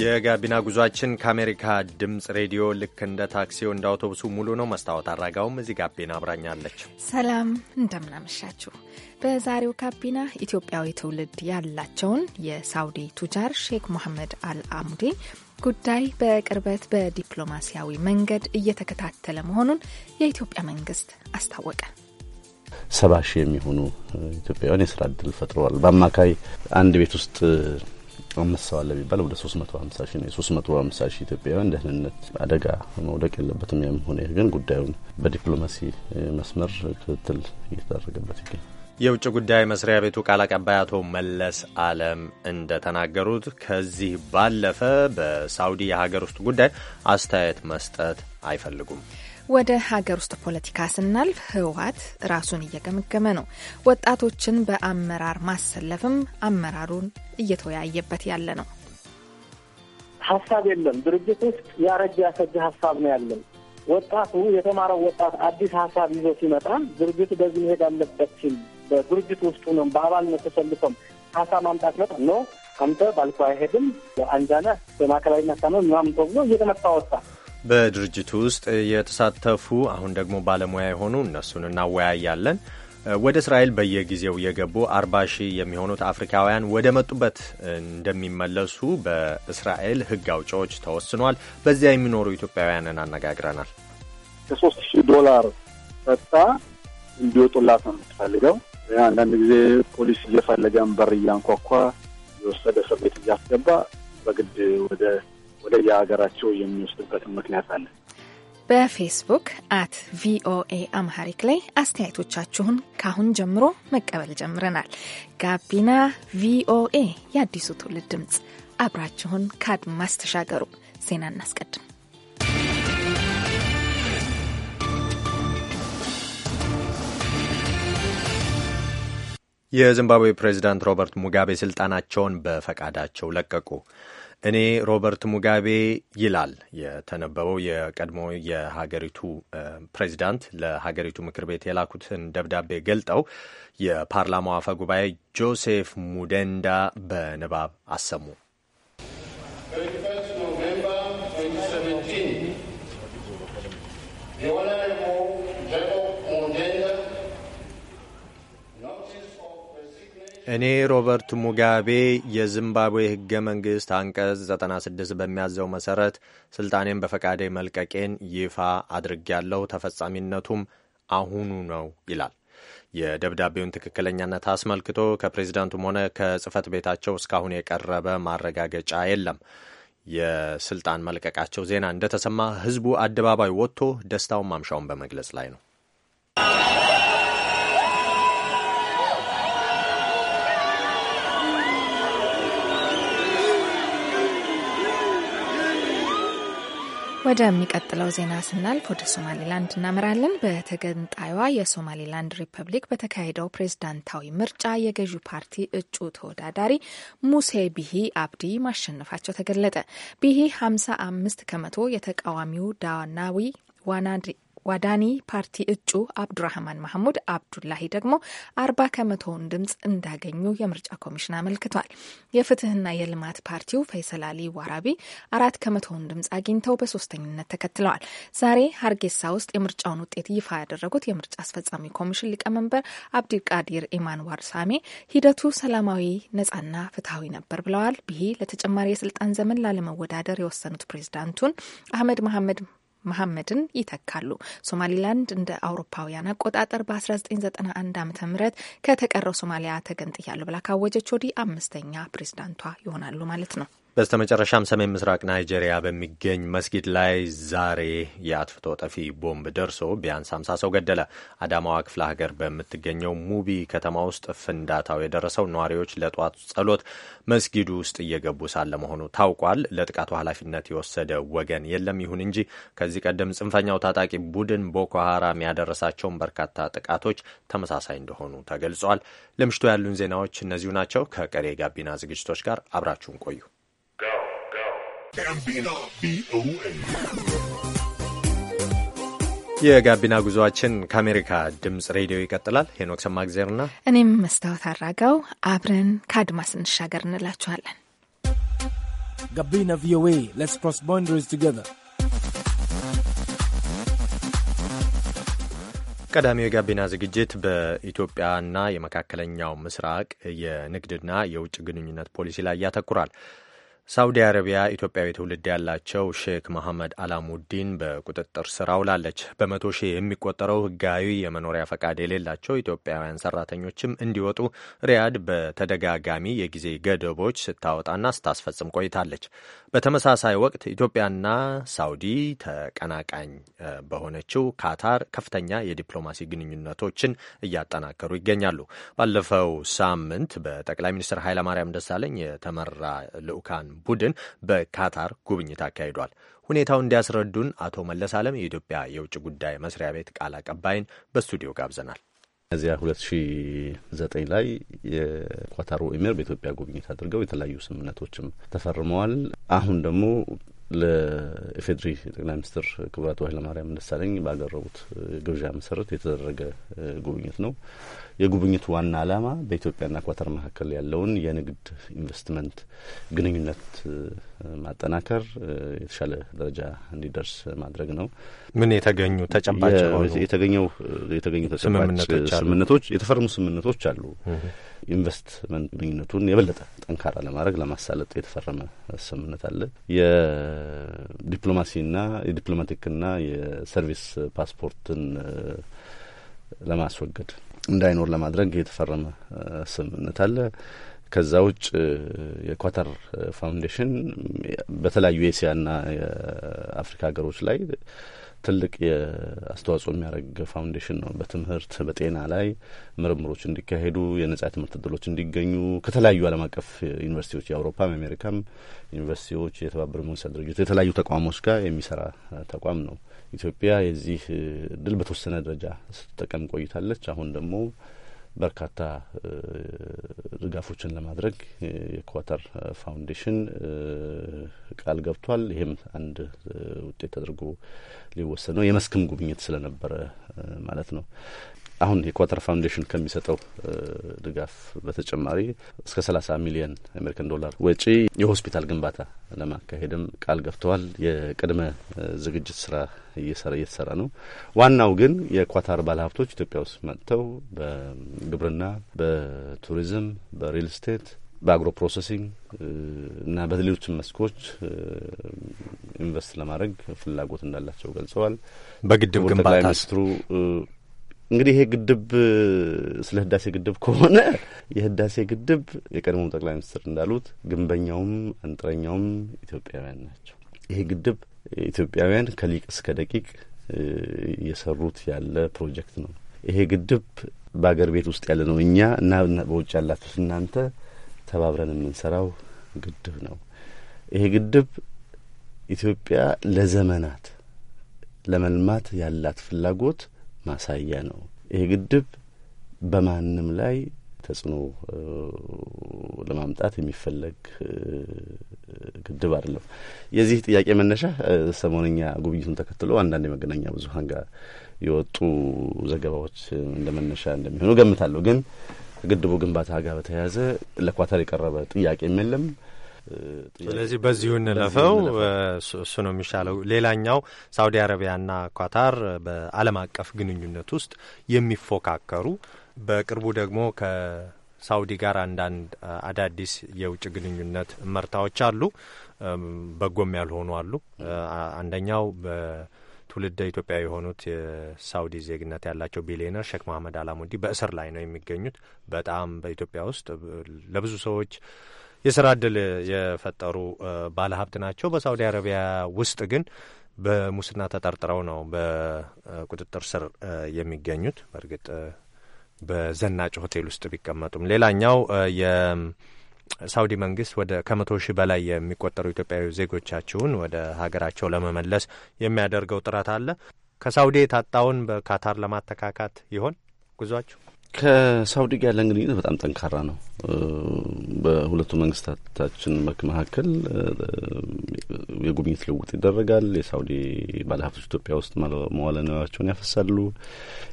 የጋቢና ጉዟችን ከአሜሪካ ድምፅ ሬዲዮ ልክ እንደ ታክሲው እንደ አውቶቡሱ ሙሉ ነው። መስታወት አራጋውም እዚህ ጋቢና አብራኛለች። ሰላም እንደምናመሻችሁ። በዛሬው ጋቢና ኢትዮጵያዊ ትውልድ ያላቸውን የሳውዲ ቱጃር ሼክ ሞሐመድ አል ጉዳይ በቅርበት በዲፕሎማሲያዊ መንገድ እየተከታተለ መሆኑን የኢትዮጵያ መንግስት አስታወቀ። ሰባ ሺህ የሚሆኑ ኢትዮጵያውያን የስራ እድል ፈጥረዋል። በአማካይ አንድ ቤት ውስጥ አምስት ሰው አለ ቢባል ወደ 350 ሺህ ነው። የ350 ሺህ ኢትዮጵያውያን ደህንነት አደጋ መውደቅ የለበትም። ያም ሆነ ግን ጉዳዩን በዲፕሎማሲ መስመር ክትትል እየተደረገበት ይገኛል። የውጭ ጉዳይ መስሪያ ቤቱ ቃል አቀባይ አቶ መለስ አለም እንደተናገሩት ከዚህ ባለፈ በሳውዲ የሀገር ውስጥ ጉዳይ አስተያየት መስጠት አይፈልጉም። ወደ ሀገር ውስጥ ፖለቲካ ስናልፍ ህወሀት ራሱን እየገመገመ ነው። ወጣቶችን በአመራር ማሰለፍም አመራሩን እየተወያየበት ያለ ነው። ሀሳብ የለም። ድርጅት ውስጥ ያረጀ ያሰጀ ሀሳብ ነው ያለን። ወጣቱ የተማረው ወጣት አዲስ ሀሳብ ይዞ ሲመጣ ድርጅት በዚህ መሄድ አለበት ሲል በድርጅት ውስጡ ነው በአባልነት ተሰልፎም ሀሳብ ማምጣት መጣ ነው አምተ ባልኮ አይሄድም አንጃነ በማዕከላዊ ማሳመ ምናምን ተብሎ እየተመጣ ወጣት በድርጅቱ ውስጥ የተሳተፉ አሁን ደግሞ ባለሙያ የሆኑ እነሱን እናወያያለን። ወደ እስራኤል በየጊዜው የገቡ አርባ ሺህ የሚሆኑት አፍሪካውያን ወደ መጡበት እንደሚመለሱ በእስራኤል ሕግ አውጪዎች ተወስኗል። በዚያ የሚኖሩ ኢትዮጵያውያንን አነጋግረናል። ከሶስት ሺህ ዶላር ሰጥታ እንዲወጡላት ነው የምትፈልገው። አንዳንድ ጊዜ ፖሊስ እየፈለገን በር እያንኳኳ የወሰደ እስር ቤት እያስገባ በግድ ወደ ወደ የሀገራቸው የሚወስድበት ምክንያት አለ። በፌስቡክ አት ቪኦኤ አምሃሪክ ላይ አስተያየቶቻችሁን ካሁን ጀምሮ መቀበል ጀምረናል። ጋቢና ቪኦኤ የአዲሱ ትውልድ ድምፅ፣ አብራችሁን ከአድማስ ተሻገሩ። ዜና እናስቀድም። የዚምባብዌ ፕሬዚዳንት ሮበርት ሙጋቤ ስልጣናቸውን በፈቃዳቸው ለቀቁ። እኔ ሮበርት ሙጋቤ ይላል የተነበበው የቀድሞ የሀገሪቱ ፕሬዚዳንት ለሀገሪቱ ምክር ቤት የላኩትን ደብዳቤ ገልጠው የፓርላማው አፈ ጉባኤ ጆሴፍ ሙደንዳ በንባብ አሰሙ። እኔ ሮበርት ሙጋቤ የዚምባብዌ ህገ መንግሥት አንቀጽ 96 በሚያዘው መሠረት ሥልጣኔን በፈቃዴ መልቀቄን ይፋ አድርጌያለሁ፣ ተፈጻሚነቱም አሁኑ ነው ይላል። የደብዳቤውን ትክክለኛነት አስመልክቶ ከፕሬዚዳንቱም ሆነ ከጽህፈት ቤታቸው እስካሁን የቀረበ ማረጋገጫ የለም። የስልጣን መልቀቃቸው ዜና እንደተሰማ ሕዝቡ አደባባይ ወጥቶ ደስታውን ማምሻውን በመግለጽ ላይ ነው። ወደሚቀጥለው ዜና ስናልፍ ወደ ሶማሌላንድ እናመራለን። በተገንጣይዋ የሶማሌላንድ ሪፐብሊክ በተካሄደው ፕሬዝዳንታዊ ምርጫ የገዢው ፓርቲ እጩ ተወዳዳሪ ሙሴ ቢሂ አብዲ ማሸነፋቸው ተገለጠ። ቢሂ 55 ከመቶ የተቃዋሚው ዳናዊ ዋዳኒ ፓርቲ እጩ አብዱራህማን ማህሙድ አብዱላሂ ደግሞ አርባ ከመቶውን ድምጽ እንዳገኙ የምርጫ ኮሚሽን አመልክቷል። የፍትህና የልማት ፓርቲው ፈይሰል አሊ ዋራቢ አራት ከመቶውን ድምፅ አግኝተው በሶስተኝነት ተከትለዋል። ዛሬ ሀርጌሳ ውስጥ የምርጫውን ውጤት ይፋ ያደረጉት የምርጫ አስፈጻሚ ኮሚሽን ሊቀመንበር አብዲልቃዲር ኢማን ዋርሳሜ ሂደቱ ሰላማዊ፣ ነጻና ፍትሐዊ ነበር ብለዋል። ብሄ ለተጨማሪ የስልጣን ዘመን ላለመወዳደር የወሰኑት ፕሬዚዳንቱን አህመድ መሐመድ መሐመድን ይተካሉ። ሶማሊላንድ እንደ አውሮፓውያን አቆጣጠር በ1991 ዓ ም ከተቀረው ሶማሊያ ተገንጥያለሁ ብላ ካወጀች ወዲህ አምስተኛ ፕሬዚዳንቷ ይሆናሉ ማለት ነው። በስተ መጨረሻም ሰሜን ምስራቅ ናይጄሪያ በሚገኝ መስጊድ ላይ ዛሬ የአጥፍቶ ጠፊ ቦምብ ደርሶ ቢያንስ ሃምሳ ሰው ገደለ። አዳማዋ ክፍለ ሀገር በምትገኘው ሙቢ ከተማ ውስጥ ፍንዳታው የደረሰው ነዋሪዎች ለጠዋት ጸሎት መስጊዱ ውስጥ እየገቡ ሳለ መሆኑ ታውቋል። ለጥቃቱ ኃላፊነት የወሰደ ወገን የለም። ይሁን እንጂ ከዚህ ቀደም ጽንፈኛው ታጣቂ ቡድን ቦኮ ሀራም ያደረሳቸውን በርካታ ጥቃቶች ተመሳሳይ እንደሆኑ ተገልጿል። ለምሽቱ ያሉን ዜናዎች እነዚሁ ናቸው። ከቀሬ የጋቢና ዝግጅቶች ጋር አብራችሁን ቆዩ። ጋቢና ቪኦኤ የጋቢና ጉዞአችን ከአሜሪካ ድምፅ ሬዲዮ ይቀጥላል። ሄኖክ ሰማግዜርና እኔም መስታወት አራጋው አብረን ከአድማስ እንሻገር እንላችኋለን። ጋቢና ቪኦኤ ሌትስ ክሮስ ቱጌዘር ቀዳሚው የጋቢና ዝግጅት በኢትዮጵያና የመካከለኛው ምስራቅ የንግድና የውጭ ግንኙነት ፖሊሲ ላይ ያተኩራል። ሳውዲ አረቢያ ኢትዮጵያዊ ትውልድ ያላቸው ሼክ መሐመድ አላሙዲን በቁጥጥር ስር አውላለች። በመቶ ሺህ የሚቆጠረው ህጋዊ የመኖሪያ ፈቃድ የሌላቸው ኢትዮጵያውያን ሰራተኞችም እንዲወጡ ሪያድ በተደጋጋሚ የጊዜ ገደቦች ስታወጣና ስታስፈጽም ቆይታለች። በተመሳሳይ ወቅት ኢትዮጵያና ሳውዲ ተቀናቃኝ በሆነችው ካታር ከፍተኛ የዲፕሎማሲ ግንኙነቶችን እያጠናከሩ ይገኛሉ። ባለፈው ሳምንት በጠቅላይ ሚኒስትር ኃይለማርያም ደሳለኝ የተመራ ልዑካን ቡድን በካታር ጉብኝት አካሂዷል። ሁኔታው እንዲያስረዱን አቶ መለስ አለም የኢትዮጵያ የውጭ ጉዳይ መስሪያ ቤት ቃል አቀባይን በስቱዲዮ ጋብዘናል። እዚያ 2009 ላይ የኳታሩ ኤሚር በኢትዮጵያ ጉብኝት አድርገው የተለያዩ ስምምነቶችም ተፈርመዋል። አሁን ደግሞ ለኢፌድሪ ጠቅላይ ሚኒስትር ክቡር አቶ ኃይለማርያም ደሳለኝ ባቀረቡት ግብዣ መሰረት የተደረገ ጉብኝት ነው። የጉብኝቱ ዋና ዓላማ በኢትዮጵያና ኳተር መካከል ያለውን የንግድ ኢንቨስትመንት ግንኙነት ማጠናከር፣ የተሻለ ደረጃ እንዲደርስ ማድረግ ነው። ምን የተገኙ ተጨባጭ የተገኘው የተገኙ ተጨባጭ ስምምነቶች የተፈረሙ ስምምነቶች አሉ ኢንቨስትመንት ግንኙነቱን የበለጠ ጠንካራ ለማድረግ ለማሳለጥ የተፈረመ ስምምነት አለ። የዲፕሎማሲና የዲፕሎማቲክና የሰርቪስ ፓስፖርትን ለማስወገድ እንዳይኖር ለማድረግ የተፈረመ ስምምነት አለ። ከዛ ውጭ የኳተር ፋውንዴሽን በተለያዩ የኤስያና የአፍሪካ ሀገሮች ላይ ትልቅ የአስተዋጽኦ የሚያደርግ ፋውንዴሽን ነው። በትምህርት በጤና ላይ ምርምሮች እንዲካሄዱ የነጻ ትምህርት እድሎች እንዲገኙ ከተለያዩ ዓለም አቀፍ ዩኒቨርሲቲዎች የአውሮፓም የአሜሪካም ዩኒቨርሲቲዎች የተባበሩት መንግስታት ድርጅት የተለያዩ ተቋሞች ጋር የሚሰራ ተቋም ነው። ኢትዮጵያ የዚህ እድል በተወሰነ ደረጃ ስትጠቀም ቆይታለች። አሁን ደግሞ በርካታ ድጋፎችን ለማድረግ የኳተር ፋውንዴሽን ቃል ገብቷል። ይህም አንድ ውጤት ተደርጎ ሊወሰድ ነው። የመስክም ጉብኝት ስለነበረ ማለት ነው። አሁን የኳተር ፋውንዴሽን ከሚሰጠው ድጋፍ በተጨማሪ እስከ ሰላሳ ሚሊየን አሜሪካን ዶላር ወጪ የሆስፒታል ግንባታ ለማካሄድም ቃል ገብተዋል። የቅድመ ዝግጅት ስራ እየተሰራ ነው። ዋናው ግን የኳታር ባለሀብቶች ኢትዮጵያ ውስጥ መጥተው በግብርና፣ በቱሪዝም፣ በሪል ስቴት በአግሮ ፕሮሰሲንግ እና በሌሎች መስኮች ኢንቨስት ለማድረግ ፍላጎት እንዳላቸው ገልጸዋል። በግድብ ግንባታ ሚኒስትሩ እንግዲህ ይሄ ግድብ ስለ ህዳሴ ግድብ ከሆነ የህዳሴ ግድብ የቀድሞው ጠቅላይ ሚኒስትር እንዳሉት ግንበኛውም አንጥረኛውም ኢትዮጵያውያን ናቸው። ይሄ ግድብ ኢትዮጵያውያን ከሊቅ እስከ ደቂቅ እየሰሩት ያለ ፕሮጀክት ነው። ይሄ ግድብ በአገር ቤት ውስጥ ያለ ነው እኛ እና በውጭ ያላችሁት እናንተ ተባብረን የምንሰራው ግድብ ነው። ይሄ ግድብ ኢትዮጵያ ለዘመናት ለመልማት ያላት ፍላጎት ማሳያ ነው። ይሄ ግድብ በማንም ላይ ተጽዕኖ ለማምጣት የሚፈለግ ግድብ አይደለም። የዚህ ጥያቄ መነሻ ሰሞነኛ ጉብኝቱን ተከትሎ አንዳንድ የመገናኛ ብዙኃን ጋር የወጡ ዘገባዎች እንደ መነሻ እንደሚሆኑ ገምታለሁ። ግን ከግድቡ ግንባታ ጋር በተያያዘ ለኳታር የቀረበ ጥያቄም የለም። ስለዚህ በዚሁ እንለፈው፣ እሱ ነው የሚሻለው። ሌላኛው ሳውዲ አረቢያና ኳታር በዓለም አቀፍ ግንኙነት ውስጥ የሚፎካከሩ በቅርቡ ደግሞ ከሳውዲ ጋር አንዳንድ አዳዲስ የውጭ ግንኙነት መርታዎች አሉ፣ በጎም ያልሆኑ አሉ። አንደኛው በትውልደ ኢትዮጵያ የሆኑት የሳውዲ ዜግነት ያላቸው ቢሊዮነር ሼክ መሀመድ አላሙዲ በእስር ላይ ነው የሚገኙት። በጣም በኢትዮጵያ ውስጥ ለብዙ ሰዎች የስራ እድል የፈጠሩ ባለሀብት ናቸው። በሳውዲ አረቢያ ውስጥ ግን በሙስና ተጠርጥረው ነው በቁጥጥር ስር የሚገኙት። በእርግጥ በዘናጭ ሆቴል ውስጥ ቢቀመጡም ሌላኛው የሳውዲ መንግስት ወደ ከመቶ ሺህ በላይ የሚቆጠሩ ኢትዮጵያዊ ዜጎቻችሁን ወደ ሀገራቸው ለመመለስ የሚያደርገው ጥረት አለ። ከሳውዲ የታጣውን በካታር ለማተካካት ይሆን ጉዟችሁ? ከሳውዲ ጋር ያለን ግንኙነት በጣም ጠንካራ ነው። በሁለቱ መንግስታታችን መካከል የጉብኝት ልውውጥ ይደረጋል። የሳውዲ ባለሀብቶች ኢትዮጵያ ውስጥ መዋለ ንዋያቸውን ያፈሳሉ።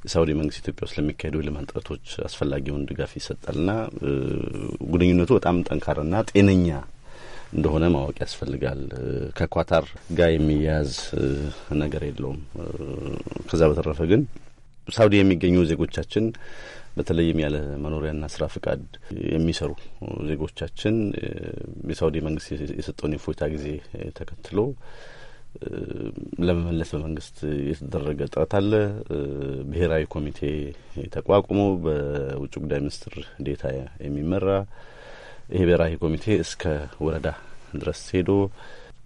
የሳውዲ መንግስት ኢትዮጵያ ውስጥ ለሚካሄዱ የልማት ጥረቶች አስፈላጊውን ድጋፍ ና ግንኙነቱ በጣም ጠንካራና ጤነኛ እንደሆነ ማወቅ ያስፈልጋል። ከኳታር ጋር የሚያያዝ ነገር የለውም። ከዛ በተረፈ ግን ሳውዲ የሚገኙ ዜጎቻችን በተለይም ያለ መኖሪያና ስራ ፍቃድ የሚሰሩ ዜጎቻችን የሳውዲ መንግስት የሰጠውን የፎይታ ጊዜ ተከትሎ ለመመለስ በመንግስት የተደረገ ጥረት አለ። ብሔራዊ ኮሚቴ ተቋቁሞ በውጭ ጉዳይ ሚኒስትር ዴታ የሚመራ ይሄ ብሔራዊ ኮሚቴ እስከ ወረዳ ድረስ ሄዶ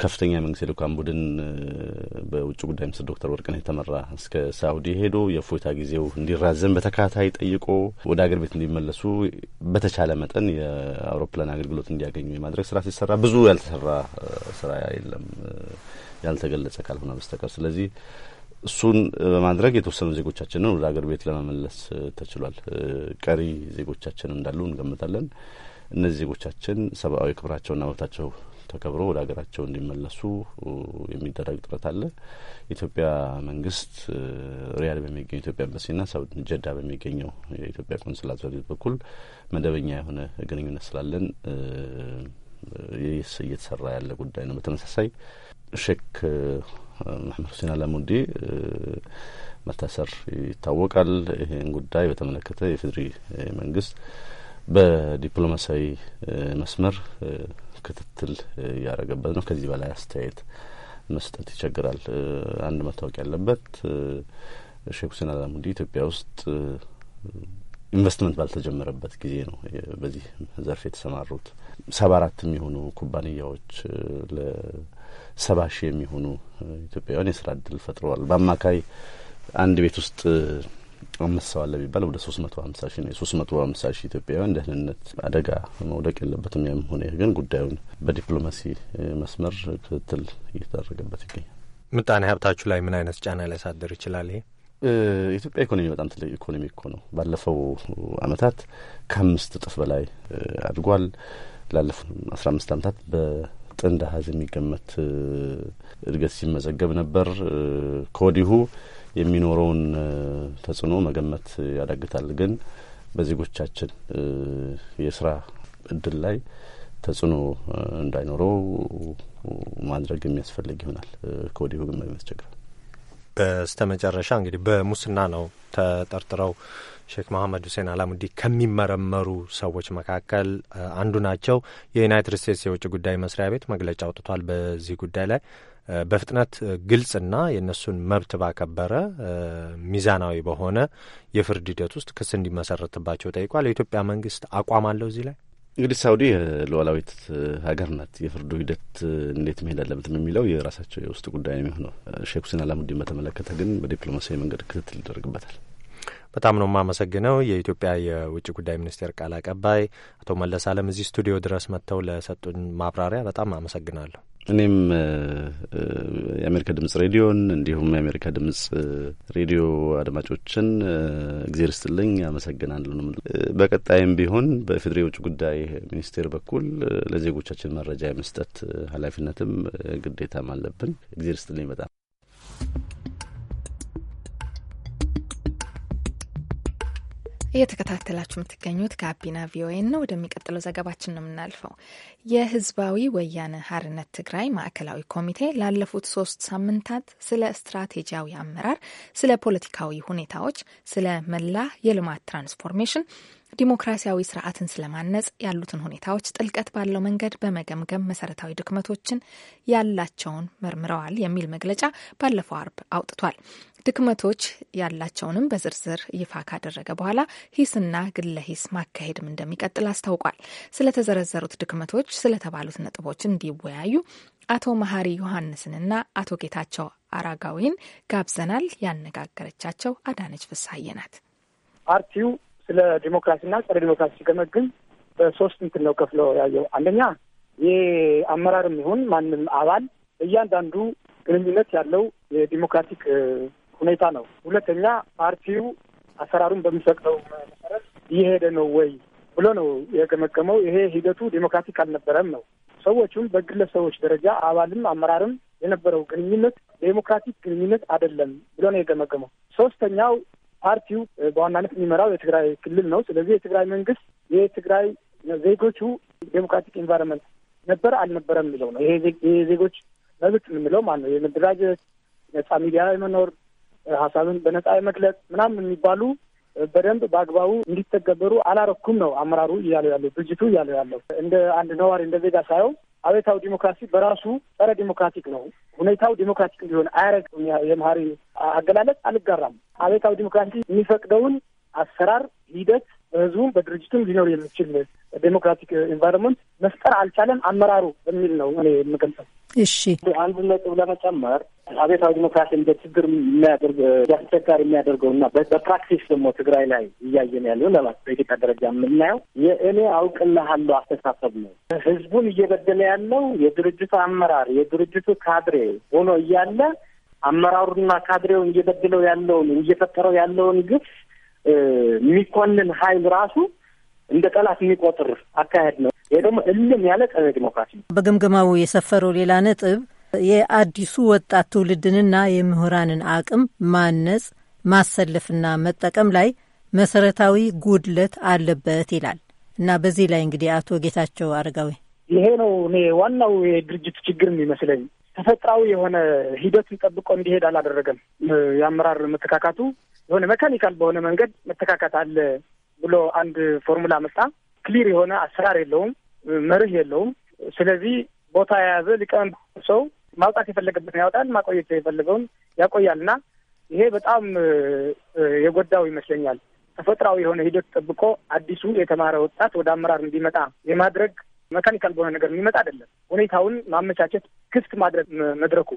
ከፍተኛ የመንግስት የልኡካን ቡድን በውጭ ጉዳይ ሚኒስትር ዶክተር ወርቅነህ የተመራ እስከ ሳውዲ ሄዶ የእፎይታ ጊዜው እንዲራዘም በተከታታይ ጠይቆ ወደ አገር ቤት እንዲመለሱ በተቻለ መጠን የአውሮፕላን አገልግሎት እንዲያገኙ የማድረግ ስራ ሲሰራ ብዙ ያልተሰራ ስራ የለም ያልተገለጸ ካልሆነ በስተቀር ስለዚህ እሱን በማድረግ የተወሰኑ ዜጎቻችንን ወደ አገር ቤት ለመመለስ ተችሏል። ቀሪ ዜጎቻችን እንዳሉ እንገምታለን። እነዚህ ዜጎቻችን ሰብአዊ ክብራቸውና መብታቸው ተከብሮ ወደ ሀገራቸው እንዲመለሱ የሚደረግ ጥረት አለ። የኢትዮጵያ መንግስት ሪያድ በሚገኘው ኢትዮጵያ ኤምባሲና ሳውዲ ጀዳ በሚገኘው የኢትዮጵያ ቆንስላ ጽሕፈት በኩል መደበኛ የሆነ ግንኙነት ስላለን እየተሰራ ያለ ጉዳይ ነው። በተመሳሳይ ሼክ መሐመድ ሁሴን አላሙዲ መታሰር ይታወቃል። ይህን ጉዳይ በተመለከተ የፌዴሪ መንግስት በዲፕሎማሲያዊ መስመር ክትትል እያደረገበት ነው። ከዚህ በላይ አስተያየት መስጠት ይቸግራል። አንድ መታወቅ ያለበት ሼክ ሁሴን አላሙዲ ኢትዮጵያ ውስጥ ኢንቨስትመንት ባልተጀመረበት ጊዜ ነው በዚህ ዘርፍ የተሰማሩት። ሰባ አራት የሚሆኑ ኩባንያዎች ለሰባ ሺህ የሚሆኑ ኢትዮጵያውያን የስራ እድል ፈጥረዋል። በአማካይ አንድ ቤት ውስጥ አምስት ሰው አለ ቢባል ወደ ሶስት መቶ ሀምሳ ሺ ነው። የሶስት መቶ ሀምሳ ሺ ኢትዮጵያውያን ደህንነት አደጋ መውደቅ የለበትም። ያም ሆነ ግን ጉዳዩን በዲፕሎማሲ መስመር ክትትል እየተደረገበት ይገኛል። ምጣኔ ሀብታችሁ ላይ ምን አይነት ጫና ሊያሳድር ይችላል? ይሄ የኢትዮጵያ ኢኮኖሚ በጣም ትልቅ ኢኮኖሚ እኮ ነው። ባለፈው አመታት ከአምስት እጥፍ በላይ አድጓል። ላለፉ አስራ አምስት አመታት በጥንድ አሀዝ የሚገመት እድገት ሲመዘገብ ነበር። ከወዲሁ የሚኖረውን ተጽዕኖ መገመት ያዳግታል። ግን በዜጎቻችን የስራ እድል ላይ ተጽዕኖ እንዳይኖረው ማድረግ የሚያስፈልግ ይሆናል። ከወዲሁ ግን የሚያስቸግራል። በስተ መጨረሻ እንግዲህ በሙስና ነው ተጠርጥረው ሼክ መሐመድ ሁሴን አላሙዲ ከሚመረመሩ ሰዎች መካከል አንዱ ናቸው። የዩናይትድ ስቴትስ የውጭ ጉዳይ መስሪያ ቤት መግለጫ አውጥቷል በዚህ ጉዳይ ላይ በፍጥነት ግልጽና የእነሱን መብት ባከበረ ሚዛናዊ በሆነ የፍርድ ሂደት ውስጥ ክስ እንዲመሰረትባቸው ጠይቋል። የኢትዮጵያ መንግስት አቋም አለው እዚህ ላይ እንግዲህ ሳውዲ የሉዓላዊት ሀገር ናት። የፍርዱ ሂደት እንዴት መሄድ አለበት ነው የሚለው የራሳቸው የውስጥ ጉዳይ ነው የሚሆነው። ሼክ ሁሴን አላሙዲን በተመለከተ ግን በዲፕሎማሲያዊ መንገድ ክትትል ይደረግበታል። በጣም ነው የማመሰግነው። የኢትዮጵያ የውጭ ጉዳይ ሚኒስቴር ቃል አቀባይ አቶ መለስ አለም እዚህ ስቱዲዮ ድረስ መጥተው ለሰጡን ማብራሪያ በጣም አመሰግናለሁ። እኔም የአሜሪካ ድምጽ ሬዲዮን እንዲሁም የአሜሪካ ድምጽ ሬዲዮ አድማጮችን እግዜር ይስጥልኝ አመሰግናለሁ። በቀጣይም ቢሆን በፌዴሬ የውጭ ጉዳይ ሚኒስቴር በኩል ለዜጎቻችን መረጃ የመስጠት ኃላፊነትም ግዴታም አለብን። እግዜር ይስጥልኝ በጣም እየተከታተላችሁ የምትገኙት ጋቢና ቪኦኤ ነው። ወደሚቀጥለው ዘገባችን ነው የምናልፈው። የህዝባዊ ወያነ ሀርነት ትግራይ ማዕከላዊ ኮሚቴ ላለፉት ሶስት ሳምንታት ስለ ስትራቴጂያዊ አመራር፣ ስለ ፖለቲካዊ ሁኔታዎች፣ ስለ መላ የልማት ትራንስፎርሜሽን ዲሞክራሲያዊ ስርዓትን ስለማነጽ ያሉትን ሁኔታዎች ጥልቀት ባለው መንገድ በመገምገም መሰረታዊ ድክመቶችን ያላቸውን መርምረዋል የሚል መግለጫ ባለፈው አርብ አውጥቷል። ድክመቶች ያላቸውንም በዝርዝር ይፋ ካደረገ በኋላ ሂስና ግለ ሂስ ማካሄድም እንደሚቀጥል አስታውቋል። ስለተዘረዘሩት ድክመቶች ስለተባሉት ነጥቦች እንዲወያዩ አቶ መሀሪ ዮሐንስንና አቶ ጌታቸው አራጋዊን ጋብዘናል። ያነጋገረቻቸው አዳነች ፍሳሐዬ ናት። ፓርቲው ስለ ዲሞክራሲና ጸረ ዲሞክራሲ ሲገመግም በሶስት እንትን ነው ከፍሎ ያየው። አንደኛ አመራርም ይሁን ማንም አባል እያንዳንዱ ግንኙነት ያለው የዲሞክራቲክ ሁኔታ ነው። ሁለተኛ ፓርቲው አሰራሩን በሚፈቅደው መሰረት እየሄደ ነው ወይ ብሎ ነው የገመገመው። ይሄ ሂደቱ ዴሞክራቲክ አልነበረም ነው። ሰዎቹም በግለሰቦች ደረጃ አባልም አመራርም የነበረው ግንኙነት ዴሞክራቲክ ግንኙነት አይደለም ብሎ ነው የገመገመው። ሶስተኛው ፓርቲው በዋናነት የሚመራው የትግራይ ክልል ነው። ስለዚህ የትግራይ መንግስት የትግራይ ዜጎቹ ዴሞክራቲክ ኢንቫይሮንመንት ነበር አልነበረም የሚለው ነው። ይሄ የዜጎች መብት የምንለው ማለት ነው የመደራጀት ነጻ ሚዲያ የመኖር ሀሳብን በነጻ መግለጽ ምናምን የሚባሉ በደንብ በአግባቡ እንዲተገበሩ አላረኩም ነው አመራሩ እያለው ያለው ድርጅቱ እያለው ያለው እንደ አንድ ነዋሪ እንደ ዜጋ ሳየው አቤታዊ ዲሞክራሲ በራሱ ጸረ ዲሞክራቲክ ነው። ሁኔታው ዲሞክራቲክ እንዲሆን አያረግም። የመሀሪ አገላለጽ አልጋራም። አቤታዊ ዲሞክራሲ የሚፈቅደውን አሰራር ሂደት በህዝቡም በድርጅቱም ሊኖር የሚችል ዴሞክራቲክ ኤንቫይሮንመንት መፍጠር አልቻለም አመራሩ በሚል ነው እኔ የምገልጸው። እሺ አንድ ነጥብ ለመጨመር አቤታዊ ዲሞክራሲ እንደ ችግር የሚያደርግ አስቸጋሪ የሚያደርገው እና በፕራክቲስ ደግሞ ትግራይ ላይ እያየን ያለው ለማለት በኢትዮጵያ ደረጃ የምናየው የእኔ አውቅልሃለሁ አስተሳሰብ ነው። ህዝቡን እየበደለ ያለው የድርጅቱ አመራር የድርጅቱ ካድሬ ሆኖ እያለ አመራሩና ካድሬውን እየበደለው ያለውን እየፈጠረው ያለውን ግፍ የሚኮንን ሀይል ራሱ እንደ ጠላት የሚቆጥር አካሄድ ነው። ይሄ ደግሞ እልም ያለ ጸረ ዲሞክራሲ ነው። በግምገማው የሰፈረው ሌላ ነጥብ የአዲሱ ወጣት ትውልድንና የምሁራንን አቅም ማነጽ ማሰለፍና መጠቀም ላይ መሰረታዊ ጉድለት አለበት ይላል እና በዚህ ላይ እንግዲህ አቶ ጌታቸው አረጋዊ ይሄ ነው እኔ ዋናው የድርጅት ችግር የሚመስለኝ። ተፈጥሯዊ የሆነ ሂደቱን ጠብቆ እንዲሄድ አላደረገም። የአመራር መተካካቱ የሆነ መካኒካል በሆነ መንገድ መተካካት አለ ብሎ አንድ ፎርሙላ መጣ። ክሊር የሆነ አሰራር የለውም፣ መርህ የለውም። ስለዚህ ቦታ የያዘ ሊቀመንበር ሰው ማውጣት የፈለገበትን ያወጣል፣ ማቆየት የፈለገውን ያቆያል እና ይሄ በጣም የጎዳው ይመስለኛል። ተፈጥሯዊ የሆነ ሂደት ጠብቆ አዲሱ የተማረ ወጣት ወደ አመራር እንዲመጣ የማድረግ መካኒካል በሆነ ነገር የሚመጣ አይደለም። ሁኔታውን ማመቻቸት፣ ክፍት ማድረግ መድረኩ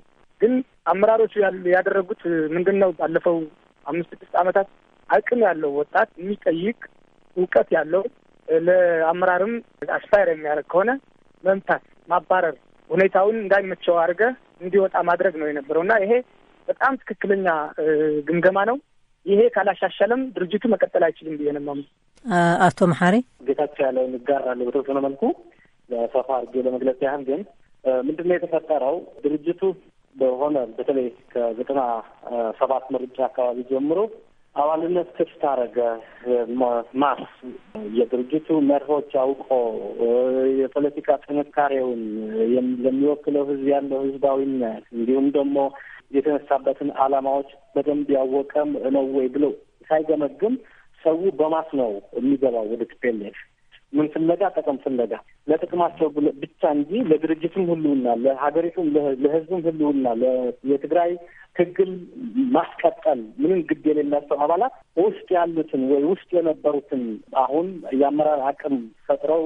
ግን አመራሮቹ ያደረጉት ምንድን ነው? ባለፈው አምስት ስድስት ዓመታት አቅም ያለው ወጣት የሚጠይቅ እውቀት ያለው ለአመራርም አስፓየር የሚያደርግ ከሆነ መምታት፣ ማባረር፣ ሁኔታውን እንዳይመቸው አድርገህ እንዲወጣ ማድረግ ነው የነበረው እና ይሄ በጣም ትክክለኛ ግምገማ ነው። ይሄ ካላሻሻለም ድርጅቱ መቀጠል አይችልም ብዬ ነው አቶ መሐሪ ጌታቸው ያለውን ይጋራሉ በተወሰነ መልኩ ሰፋ አድርጌ ለመግለጽ ያህል ግን ምንድነው የተፈጠረው ድርጅቱ በሆነ በተለይ ከዘጠና ሰባት ምርጫ አካባቢ ጀምሮ አባልነት ክፍት አረገ። ማርስ የድርጅቱ መርሆች አውቆ የፖለቲካ ጥንካሬውን ለሚወክለው ህዝብ ያለው ህዝባዊነት እንዲሁም ደግሞ የተነሳበትን አላማዎች በደንብ ያወቀም ነው ወይ ብሎ ሳይገመግም ሰው በማስ ነው የሚገባው ወደ ቲፒኤልኤፍ ምን ፍለጋ? ጥቅም ፍለጋ ለጥቅማቸው ብቻ እንጂ ለድርጅትም ህልውና፣ ለሀገሪቱም፣ ለህዝቡም ህልውና፣ የትግራይ ትግል ማስቀጠል ምንም ግድ የሌላቸው አባላት ውስጥ ያሉትን ወይ ውስጥ የነበሩትን አሁን የአመራር አቅም ፈጥረው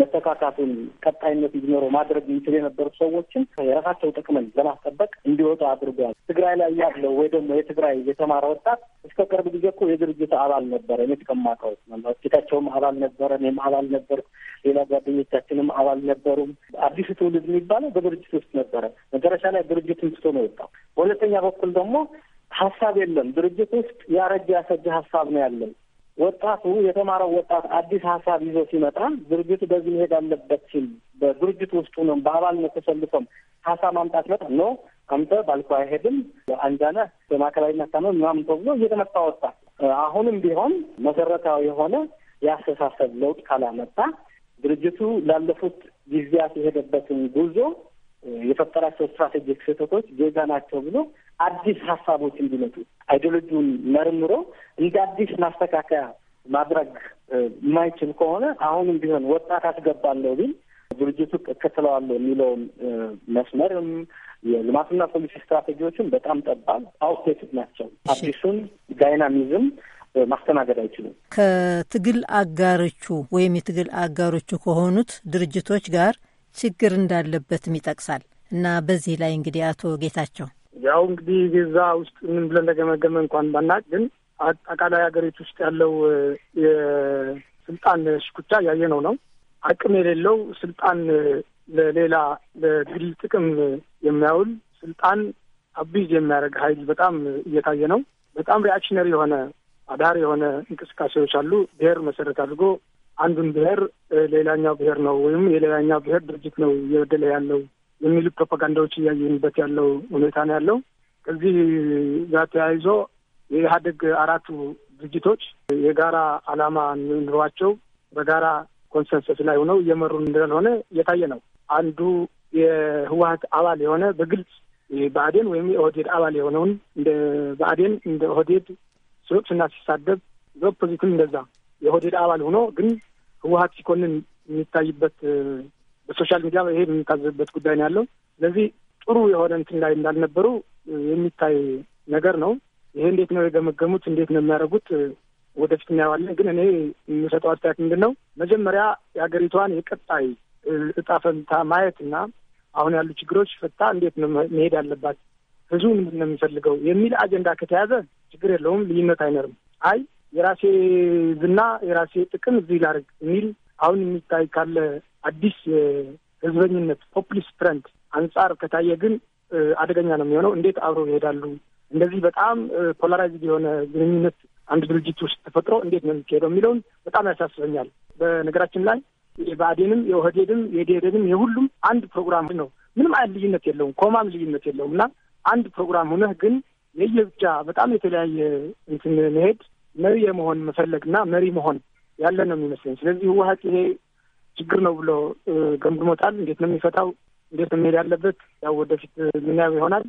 መተካካቱን ቀጣይነት እንዲኖረው ማድረግ የሚችል የነበሩ ሰዎችን የራሳቸው ጥቅምን ለማስጠበቅ እንዲወጡ አድርጓል። ትግራይ ላይ ያለው ወይ ደግሞ የትግራይ የተማረ ወጣት እስከ ቅርብ ጊዜ እኮ የድርጅት አባል ነበረ። እኔ ተቀማቀው ፊታቸውም አባል ነበረ፣ እኔም አባል ነበር፣ ሌላ ጓደኞቻችንም አባል ነበሩም። አዲሱ ትውልድ የሚባለው በድርጅት ውስጥ ነበረ። መጨረሻ ላይ ድርጅቱን ትቶ ነው የወጣው። በሁለተኛ በኩል ደግሞ ሀሳብ የለም። ድርጅት ውስጥ ያረጀ ያሰጀ ሀሳብ ነው ያለን። ወጣቱ የተማረው ወጣት አዲስ ሀሳብ ይዞ ሲመጣ ድርጅቱ በዚህ መሄድ አለበት ሲል በድርጅቱ ውስጡ ነው በአባልነት ተሰልፎም ሀሳብ ማምጣት መጣ ነው አንተ ባልኮ አይሄድም አንጃነ በማዕከላዊ ነው ምናምን ተብሎ እየተመጣ ወጣ። አሁንም ቢሆን መሰረታዊ የሆነ የአስተሳሰብ ለውጥ ካላመጣ ድርጅቱ ላለፉት ጊዜያት የሄደበትን ጉዞ የፈጠራቸው ስትራቴጂክ ስህተቶች ጌጋ ናቸው ብሎ አዲስ ሀሳቦች እንዲመጡ አይዲዮሎጂውን መርምሮ እንደ አዲስ ማስተካከያ ማድረግ የማይችል ከሆነ አሁንም ቢሆን ወጣት አስገባለሁ ቢል ድርጅቱ እከተለዋለሁ የሚለውን መስመርም የልማትና ፖሊሲ ስትራቴጂዎችን በጣም ጠባብ አውትዴትድ ናቸው። አዲሱን ዳይናሚዝም ማስተናገድ አይችሉም። ከትግል አጋሮቹ ወይም የትግል አጋሮቹ ከሆኑት ድርጅቶች ጋር ችግር እንዳለበትም ይጠቅሳል እና በዚህ ላይ እንግዲህ አቶ ጌታቸው ያው እንግዲህ ዛ ውስጥ ምን ብለን እንደገመገመ እንኳን ባናቅ፣ ግን አጠቃላይ ሀገሪቱ ውስጥ ያለው የስልጣን ሽኩቻ እያየ ነው። አቅም የሌለው ስልጣን ለሌላ ለግል ጥቅም የሚያውል ስልጣን አቢዝ የሚያደርግ ኃይል በጣም እየታየ ነው። በጣም ሪአክሽነሪ የሆነ አዳር የሆነ እንቅስቃሴዎች አሉ። ብሔር መሰረት አድርጎ አንዱን ብሔር ሌላኛው ብሔር ነው ወይም የሌላኛው ብሔር ድርጅት ነው እየበደለ ያለው የሚሉ ፕሮፓጋንዳዎች እያየንበት ያለው ሁኔታ ነው ያለው። ከዚህ ጋር ተያይዞ የኢህአዴግ አራቱ ድርጅቶች የጋራ ዓላማ ኑሯቸው በጋራ ኮንሰንሰስ ላይ ሆነው እየመሩ እንዳልሆነ እየታየ ነው። አንዱ የህወሀት አባል የሆነ በግልጽ ብአዴን ወይም የኦህዴድ አባል የሆነውን እንደ ብአዴን እንደ ኦህዴድ ሲወቅስና ሲሳደብ በኦፖዚትም እንደዛ የኦህዴድ አባል ሆኖ ግን ህወሀት ሲኮንን የሚታይበት ሶሻል ሚዲያ ይሄ የሚታዘብበት ጉዳይ ነው ያለው። ስለዚህ ጥሩ የሆነ እንትን ላይ እንዳልነበሩ የሚታይ ነገር ነው። ይሄ እንዴት ነው የገመገሙት? እንዴት ነው የሚያደርጉት? ወደፊት እናየዋለን። ግን እኔ የሚሰጠው አስተያየት ምንድን ነው፣ መጀመሪያ የሀገሪቷን የቀጣይ እጣ ፈንታ ማየት እና አሁን ያሉ ችግሮች ፈታ እንዴት ነው መሄድ ያለባት፣ ህዝቡ ምንድን ነው የሚፈልገው የሚል አጀንዳ ከተያዘ ችግር የለውም፣ ልዩነት አይኖርም። አይ የራሴ ዝና የራሴ ጥቅም እዚህ ላርግ የሚል አሁን የሚታይ ካለ አዲስ የህዝበኝነት ፖፕሊስ ትረንድ አንጻር ከታየ ግን አደገኛ ነው የሚሆነው። እንዴት አብረው ይሄዳሉ? እንደዚህ በጣም ፖላራይዝድ የሆነ ግንኙነት አንድ ድርጅት ውስጥ ተፈጥሮ እንዴት ነው የሚካሄደው የሚለውን በጣም ያሳስበኛል። በነገራችን ላይ የብአዴንም የኦህዴድም የዴደንም የሁሉም አንድ ፕሮግራም ነው። ምንም አይነት ልዩነት የለውም። ኮማም ልዩነት የለውም እና አንድ ፕሮግራም ሁነህ ግን የየብቻ በጣም የተለያየ እንትን መሄድ መሪ የመሆን መፈለግ እና መሪ መሆን ያለ ነው የሚመስለኝ። ስለዚህ ህወሀት ይሄ ችግር ነው ብሎ ገምግሞታል። እንዴት ነው የሚፈታው? እንዴት ነው መሄድ ያለበት? ያው ወደፊት ምናየው ይሆናል።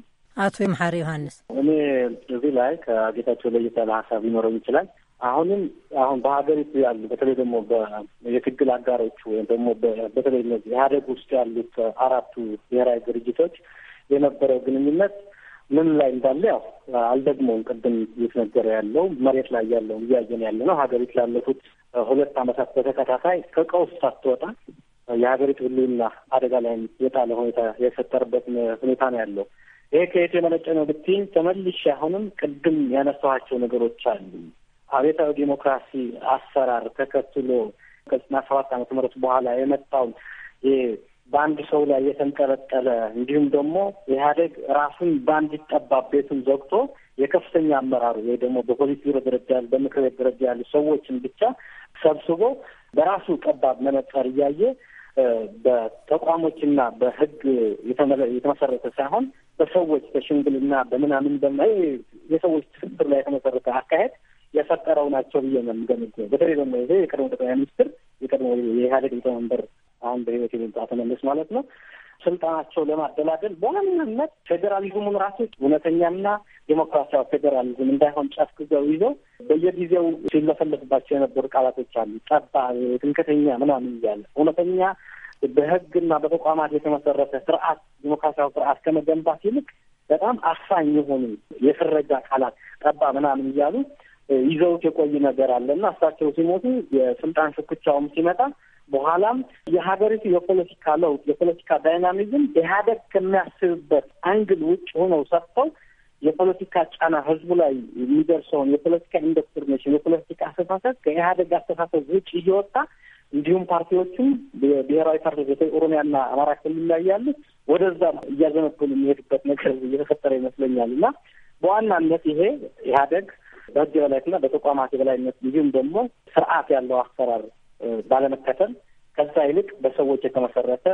አቶ ይምሐር ዮሐንስ፣ እኔ እዚህ ላይ ከጌታቸው ለየት ሀሳብ ሊኖረው ይችላል። አሁንም አሁን በሀገሪቱ ያሉ በተለይ ደግሞ የትግል አጋሮቹ ወይም ደግሞ በተለይ ኢህአዴግ ውስጥ ያሉት አራቱ ብሔራዊ ድርጅቶች የነበረው ግንኙነት ምን ላይ እንዳለ ያው አልደግሞም። ቅድም እየተነገረ ያለው መሬት ላይ ያለው እያየን ያለ ነው። ሀገሪት ላለፉት ሁለት ዓመታት በተከታታይ ከቀውስ ሳትወጣ የሀገሪቱ ሕልውና አደጋ ላይ የጣለ ሁኔታ የፈጠረበት ሁኔታ ነው ያለው። ይሄ ከየት የመነጨ ነው ብትይኝ፣ ተመልሼ አሁንም ቅድም ያነሳኋቸው ነገሮች አሉ። አቤታዊ ዲሞክራሲ አሰራር ተከትሎ ከጽና ሰባት ዓመተ ምህረት በኋላ የመጣውን በአንድ ሰው ላይ የተንጠለጠለ እንዲሁም ደግሞ ኢህአዴግ ራሱን በአንድ ጠባብ ቤቱን ዘግቶ የከፍተኛ አመራሩ ወይ ደግሞ በፖሊስ ቢሮ ደረጃ ያሉ በምክር ቤት ደረጃ ያሉ ሰዎችን ብቻ ሰብስቦ በራሱ ጠባብ መነጽር እያየ በተቋሞችና በህግ የተመሰረተ ሳይሆን በሰዎች በሽምግልና በምናምን በማ የሰዎች ትስስር ላይ የተመሰረተ አካሄድ የፈጠረው ናቸው ብዬ ነው የምገምገው። በተለይ ደግሞ ይሄ የቀድሞ ጠቅላይ ሚኒስትር የቀድሞ የኢህአዴግ ሊቀመንበር አሁን በህይወት የመምጣት መለስ ማለት ነው ስልጣናቸው ለማደላደል በዋናነት ፌዴራሊዝሙን ራሱ እውነተኛና ዴሞክራሲያዊ ፌዴራሊዝም እንዳይሆን ጨፍቅገው ይዘው በየጊዜው ሲለፈለፍባቸው የነበሩ ቃላቶች አሉ። ጠባ ትምክህተኛ ምናምን እያለ እውነተኛ በህግና በተቋማት የተመሰረተ ስርዓት ዴሞክራሲያዊ ስርዓት ከመገንባት ይልቅ በጣም አፋኝ የሆኑ የፍረጃ ቃላት ጠባ ምናምን እያሉ ይዘውት የቆዩ ነገር አለ እና እሳቸው ሲሞቱ የስልጣን ሽኩቻውም ሲመጣ በኋላም የሀገሪቱ የፖለቲካ ለውጥ የፖለቲካ ዳይናሚዝም ኢህአዴግ ከሚያስብበት አንግል ውጭ ሆነው ሰጥተው የፖለቲካ ጫና ህዝቡ ላይ የሚደርሰውን የፖለቲካ ኢንዶክትሪኔሽን የፖለቲካ አስተሳሰብ ከኢህአዴግ አስተሳሰብ ውጭ እየወጣ እንዲሁም ፓርቲዎቹም ብሔራዊ ፓርቲዎች በተለይ ኦሮሚያና አማራ ክልል ላይ ያሉ ወደዛ እያዘነበሉ የሚሄዱበት ነገር እየተፈጠረ ይመስለኛል እና በዋናነት ይሄ ኢህአዴግ በህግ የበላይነትና በተቋማት የበላይነት እንዲሁም ደግሞ ስርዓት ያለው አሰራር ባለመከተል ከዛ ይልቅ በሰዎች የተመሰረተ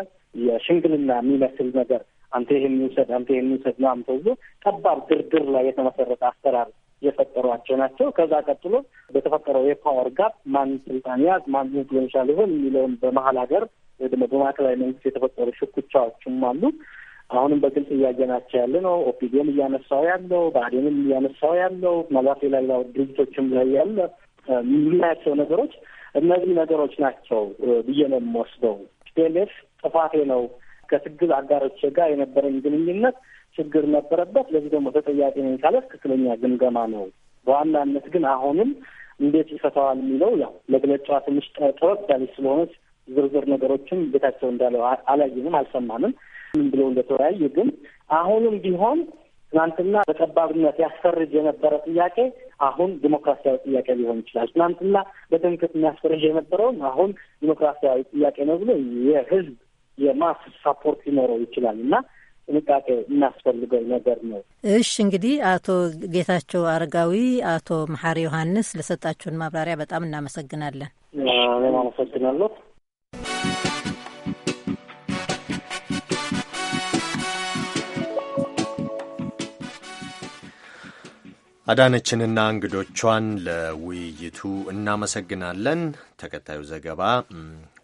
የሽንግልና የሚመስል ነገር አንተ ይህን ውሰድ፣ አንተ ይህን ውሰድ ምናምን ተብሎ ጠባብ ድርድር ላይ የተመሰረተ አሰራር የፈጠሯቸው ናቸው። ከዛ ቀጥሎ በተፈጠረው የፓወር ጋፕ ማን ስልጣን ያዝ፣ ማን ኢንፍሉዌንሻል ይሆን የሚለውን በመሀል ሀገር ወይ ደግሞ በማዕከላዊ መንግስት የተፈጠሩ ሽኩቻዎችም አሉ። አሁንም በግልጽ እያየናቸው ያለ ነው። ኦፒዲየም እያነሳው ያለው ብአዴንም እያነሳው ያለው መላፌ ላይ ድርጅቶችም ላይ ያለ የምናያቸው ነገሮች እነዚህ ነገሮች ናቸው ብዬ ነው የምወስደው። ቴሌፍ ጥፋቴ ነው ከትግል አጋሮች ጋር የነበረኝ ግንኙነት ችግር ነበረበት። ለዚህ ደግሞ ተጠያቂ ነኝ ካለ ትክክለኛ ግምገማ ነው። በዋናነት ግን አሁንም እንዴት ይፈተዋል የሚለው ያው መግለጫዋ ትንሽ ጠወቅ ያለች ስለሆነች ዝርዝር ነገሮችም ጌታቸው እንዳለው አላየንም፣ አልሰማንም ምን ብለው እንደተወያዩ ግን አሁንም ቢሆን ትናንትና በጠባብነት ያስፈርጅ የነበረ ጥያቄ አሁን ዲሞክራሲያዊ ጥያቄ ሊሆን ይችላል። ትናንትና በትምክህት የሚያስፈርጅ የነበረውን አሁን ዲሞክራሲያዊ ጥያቄ ነው ብሎ የህዝብ የማስ ሳፖርት ሊኖረው ይችላል እና ጥንቃቄ የሚያስፈልገው ነገር ነው። እሽ እንግዲህ አቶ ጌታቸው አረጋዊ፣ አቶ መሐሪ ዮሐንስ ለሰጣችሁን ማብራሪያ በጣም እናመሰግናለን። እኔም አመሰግናለሁ። አዳነችንና እንግዶቿን ለውይይቱ እናመሰግናለን። ተከታዩ ዘገባ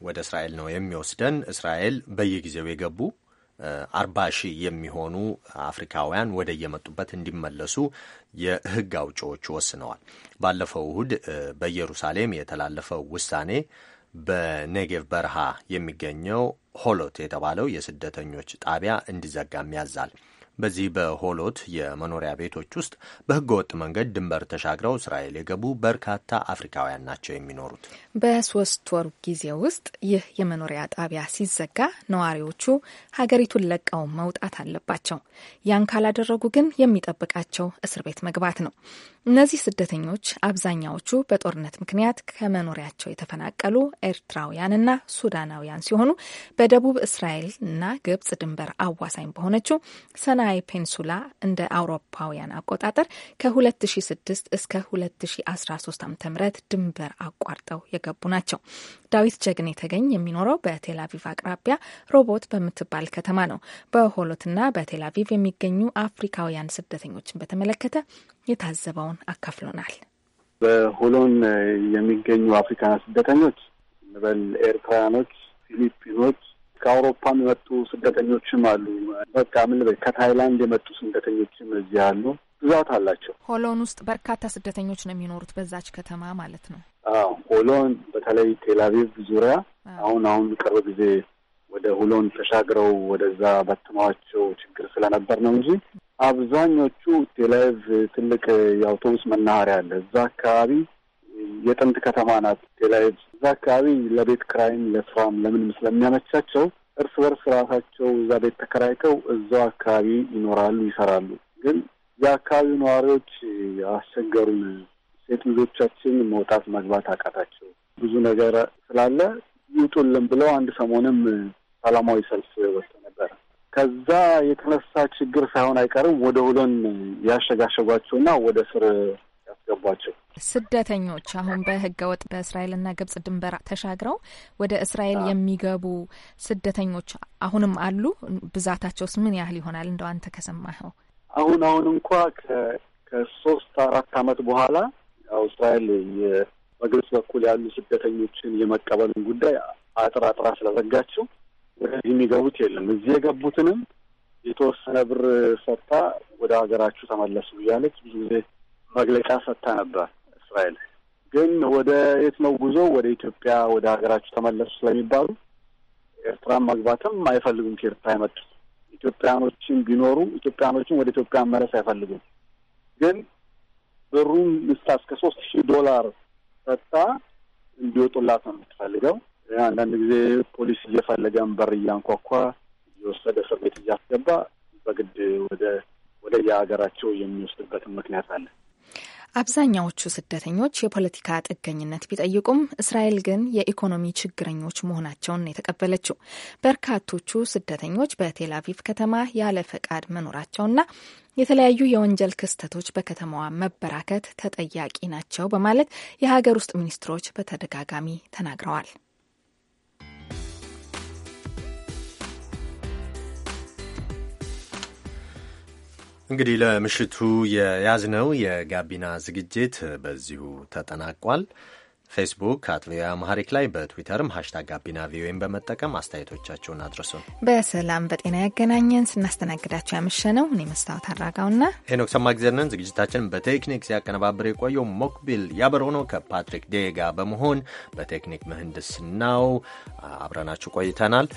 ወደ እስራኤል ነው የሚወስደን። እስራኤል በየጊዜው የገቡ አርባ ሺህ የሚሆኑ አፍሪካውያን ወደ የመጡበት እንዲመለሱ የሕግ አውጪዎች ወስነዋል። ባለፈው እሁድ በኢየሩሳሌም የተላለፈው ውሳኔ በኔጌቭ በረሃ የሚገኘው ሆሎት የተባለው የስደተኞች ጣቢያ እንዲዘጋም ያዛል። በዚህ በሆሎት የመኖሪያ ቤቶች ውስጥ በህገወጥ ወጥ መንገድ ድንበር ተሻግረው እስራኤል የገቡ በርካታ አፍሪካውያን ናቸው የሚኖሩት። በሶስት ወር ጊዜ ውስጥ ይህ የመኖሪያ ጣቢያ ሲዘጋ ነዋሪዎቹ ሀገሪቱን ለቀው መውጣት አለባቸው። ያን ካላደረጉ ግን የሚጠብቃቸው እስር ቤት መግባት ነው። እነዚህ ስደተኞች አብዛኛዎቹ በጦርነት ምክንያት ከመኖሪያቸው የተፈናቀሉ ኤርትራውያንና ሱዳናውያን ሲሆኑ በደቡብ እስራኤልና ግብጽ ድንበር አዋሳኝ በሆነችው ሰና ሰናይ ፔንሱላ እንደ አውሮፓውያን አቆጣጠር ከ2006 እስከ 2013 ዓ ም ድንበር አቋርጠው የገቡ ናቸው። ዳዊት ጀግን የተገኝ የሚኖረው በቴላቪቭ አቅራቢያ ሮቦት በምትባል ከተማ ነው። በሆሎትና በቴላቪቭ የሚገኙ አፍሪካውያን ስደተኞችን በተመለከተ የታዘበውን አካፍሎናል። በሆሎን የሚገኙ አፍሪካውያን ስደተኞች እንበል ኤርትራውያኖች፣ ፊሊፒኖች ከአውሮፓም የመጡ ስደተኞችም አሉ። በቃ ምን ልበል፣ ከታይላንድ የመጡ ስደተኞችም እዚህ አሉ። ብዛት አላቸው። ሆሎን ውስጥ በርካታ ስደተኞች ነው የሚኖሩት በዛች ከተማ ማለት ነው። ሆሎን፣ በተለይ ቴላቪቭ ዙሪያ አሁን አሁን ቅርብ ጊዜ ወደ ሆሎን ተሻግረው ወደዛ በትማቸው ችግር ስለነበር ነው እንጂ አብዛኞቹ ቴላቪቭ ትልቅ የአውቶቡስ መናኸሪያ አለ እዛ አካባቢ የጥንት ከተማ ናት ቴላቪቭ። እዛ አካባቢ ለቤት ክራይም ለስራም ለምንም ስለሚያመቻቸው እርስ በርስ ራሳቸው እዛ ቤት ተከራይተው እዛው አካባቢ ይኖራሉ፣ ይሰራሉ። ግን የአካባቢው ነዋሪዎች አስቸገሩን፣ ሴት ልጆቻችን መውጣት መግባት አቃታቸው፣ ብዙ ነገር ስላለ ይውጡልን ብለው አንድ ሰሞንም ሰላማዊ ሰልፍ ወጥቶ ነበር። ከዛ የተነሳ ችግር ሳይሆን አይቀርም ወደ ሁለን ያሸጋሸጓቸውና ወደ ስር ያስገቧቸው። ስደተኞች አሁን በህገ ወጥ በእስራኤልና ግብጽ ድንበር ተሻግረው ወደ እስራኤል የሚገቡ ስደተኞች አሁንም አሉ። ብዛታቸውስ ምን ያህል ይሆናል? እንደው አንተ ከሰማኸው። አሁን አሁን እንኳ ከሶስት አራት አመት በኋላ ያው እስራኤል በግብጽ በኩል ያሉ ስደተኞችን የመቀበሉን ጉዳይ አጥራጥራ አጥራ ስለዘጋችው ወደዚህ የሚገቡት የለም። እዚህ የገቡትንም የተወሰነ ብር ሰጥታ ወደ ሀገራችሁ ተመለሱ እያለች ብዙ ጊዜ መግለጫ ሰጥታ ነበር። እስራኤል ግን ወደ የት ነው ጉዞ? ወደ ኢትዮጵያ ወደ ሀገራችሁ ተመለሱ ስለሚባሉ ኤርትራን መግባትም አይፈልጉም። ከኤርትራ የመጡት ኢትዮጵያኖችን ቢኖሩ ኢትዮጵያኖችን ወደ ኢትዮጵያ መለስ አይፈልጉም። ግን ብሩን ምስታ እስከ ሶስት ሺህ ዶላር ሰጥታ እንዲወጡላት ነው የምትፈልገው። አንዳንድ ጊዜ ፖሊስ እየፈለገን በር እያንኳኳ እየወሰደ እስር ቤት እያስገባ በግድ ወደ ወደ የሀገራቸው የሚወስድበትን ምክንያት አለ። አብዛኛዎቹ ስደተኞች የፖለቲካ ጥገኝነት ቢጠይቁም እስራኤል ግን የኢኮኖሚ ችግረኞች መሆናቸውን የተቀበለችው። በርካቶቹ ስደተኞች በቴል አቪቭ ከተማ ያለ ፈቃድ መኖራቸውና የተለያዩ የወንጀል ክስተቶች በከተማዋ መበራከት ተጠያቂ ናቸው በማለት የሀገር ውስጥ ሚኒስትሮች በተደጋጋሚ ተናግረዋል። እንግዲህ ለምሽቱ የያዝነው የጋቢና ዝግጅት በዚሁ ተጠናቋል። ፌስቡክ አት ቪኦኤ አማሪክ ላይ በትዊተርም ሀሽታግ ጋቢና ቪኦኤን በመጠቀም አስተያየቶቻቸውን አድርሱን። በሰላም በጤና ያገናኘን። ስናስተናግዳቸው ያመሸነው እኔ መስታወት አራጋውና ሄኖክ ሰማግዘርነን። ዝግጅታችን በቴክኒክ ሲያቀነባብር የቆየው ሞክቢል ያበረ ሆኖ ከፓትሪክ ዴጋ በመሆን በቴክኒክ ምህንድስናው አብረናችሁ ቆይተናል።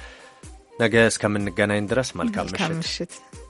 ነገ እስከምንገናኝ ድረስ መልካም ምሽት።